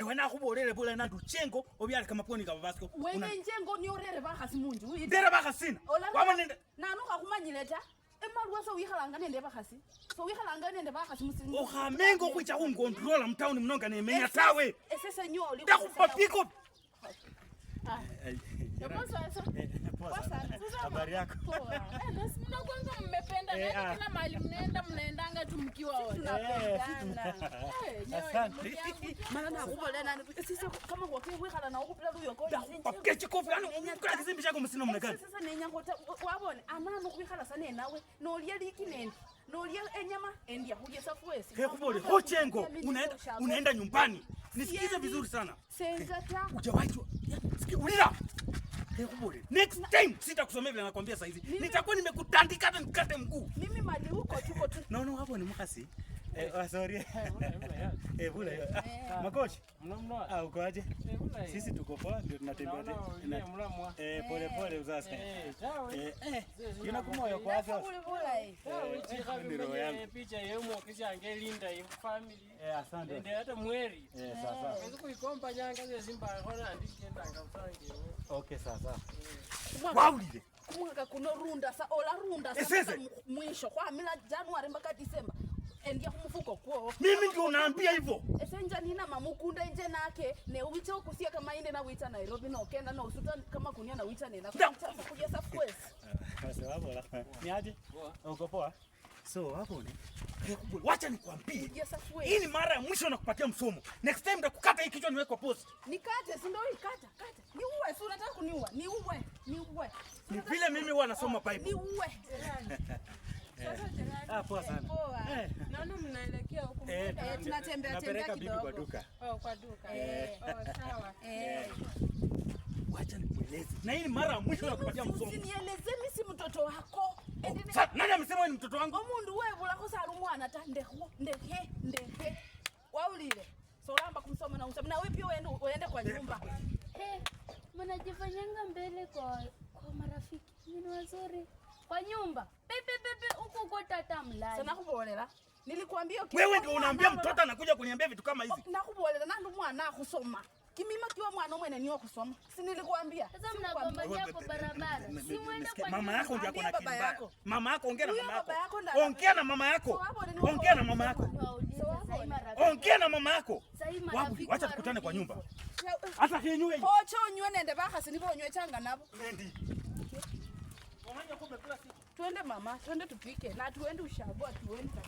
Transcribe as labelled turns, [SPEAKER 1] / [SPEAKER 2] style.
[SPEAKER 1] ewe nakhubolele bulayi nandi uchengo obyale kamapwoni ka vasco
[SPEAKER 2] wene njengo niyorere vakhasi munju
[SPEAKER 1] ndere vakhasina
[SPEAKER 2] wamonende nanu khakhumanyile ta emaliwa sowikhalanga nende vakhasi sowikhalanga nende vakhasi musiri
[SPEAKER 1] okhamenga okhwicha ni mutawuni ni nemenya tawe
[SPEAKER 2] esesenyoli
[SPEAKER 1] ndakhupa piko
[SPEAKER 3] habari yako
[SPEAKER 2] Eh, ah. kila mahali mnaenda mnaendanga tu mkiwa
[SPEAKER 4] eh,
[SPEAKER 1] yaani eh, hochengo unaenda nyumbani, nisikize vizuri sana. Next time sitakusomea vile nakwambia saa hizi. Nitakuwa nimekutandika hata nikate mguu.
[SPEAKER 2] Mimi mali huko tuko tu.
[SPEAKER 3] No, no, hapo ni mkasi. Eh, oh, sorry. Eh, Ebula eh, eh, hiyo. Eh. Makochi. Mnamnoa. Ah, uko aje? Sisi tuko poa ndio tunatembea tena. Eh, pole pole uzasa. Eh, eh. Kina kumoyo kwa afya. Ebula
[SPEAKER 4] hii. Ni roho yangu. Picha yemo kisha angelinda hiyo family. Eh, asante. Ndio hata mweri. Eh, sasa. Wewe kuikomba nyanga zile Simba hona ndikienda ngautangi.
[SPEAKER 3] Okay, sasa.
[SPEAKER 1] Waulile.
[SPEAKER 2] Kumwaka kuno runda sa ola runda sa mwisho kwa mila Januari mpaka Disemba endia mumufuko kwo
[SPEAKER 1] mimi ndio naambia hivyo
[SPEAKER 2] esenja nina mamukunda nje nake ne uwita ukusia kama ende na wita Nairobi na ukenda na usuta kama kunia na wita nena kuta kuja safu kwesi
[SPEAKER 3] basi hapo la ni aje uko poa so hapo ni
[SPEAKER 1] Wacha nikwambie.
[SPEAKER 2] Yes, hii
[SPEAKER 1] ni mara ya mwisho nakupatia msomo. Next time ndakukata hii kichwa niweke kwa post.
[SPEAKER 2] Nikate, si ndio ikata, kata. Ni uwe, si unataka kuniua. Ni uwe, ni uwe.
[SPEAKER 1] Ni vile mimi huwa nasoma Bible.
[SPEAKER 2] Ni uwe.
[SPEAKER 4] Eh. Ah, poa sana. Eh. Naona mnaelekea huko. Eh, tunatembea tembea
[SPEAKER 3] kidogo. Kwa duka.
[SPEAKER 4] Oh, kwa duka. Eh. Oh, sawa.
[SPEAKER 3] Eh.
[SPEAKER 1] Wacha nikueleze. Na hii ni mara ya mwisho ya msomo.
[SPEAKER 2] Usinieleze mimi si mtoto wako.
[SPEAKER 1] Oh, nani amesema wewe ni mtoto wangu?
[SPEAKER 2] Omundu oh, wewe bulakosa rumwana ta ndeho ndehe ndehe. Waulile. Solamba kumsoma na usoma. Na wewe pia uende kwa nyumba.
[SPEAKER 4] Eh. Mnajifanyanga mbele kwa kwa marafiki. Ni wazuri. Kwa nyumba ukota hata mlai. Sasa
[SPEAKER 2] nakubolera. Nilikwambia ukipenda.
[SPEAKER 1] Wewe ndio unaambia mtoto anakuja kuniambia vitu kama hivi.
[SPEAKER 2] Oh, nakubolera na ndo mwana akusoma. Kimima kiwa mwana mwana niyo kusoma. Si nilikuambia.
[SPEAKER 4] Sasa mnagombania kwa barabara.
[SPEAKER 2] Si muende kwa
[SPEAKER 1] mama yako ndio akona baba Mama yako ongea na mama yako. Ongea na mama yako. Ongea na mama yako. Ongea na mama yako. Wabu, acha tukutane kwa nyumba. Eh, hata hinywe.
[SPEAKER 2] Ocho nywe nende baka sinivyo nywe changa nabo.
[SPEAKER 1] Nendi.
[SPEAKER 4] Omanya kumbe kula siku.
[SPEAKER 2] Twende mama, twende tupike na tuende ushago, tuende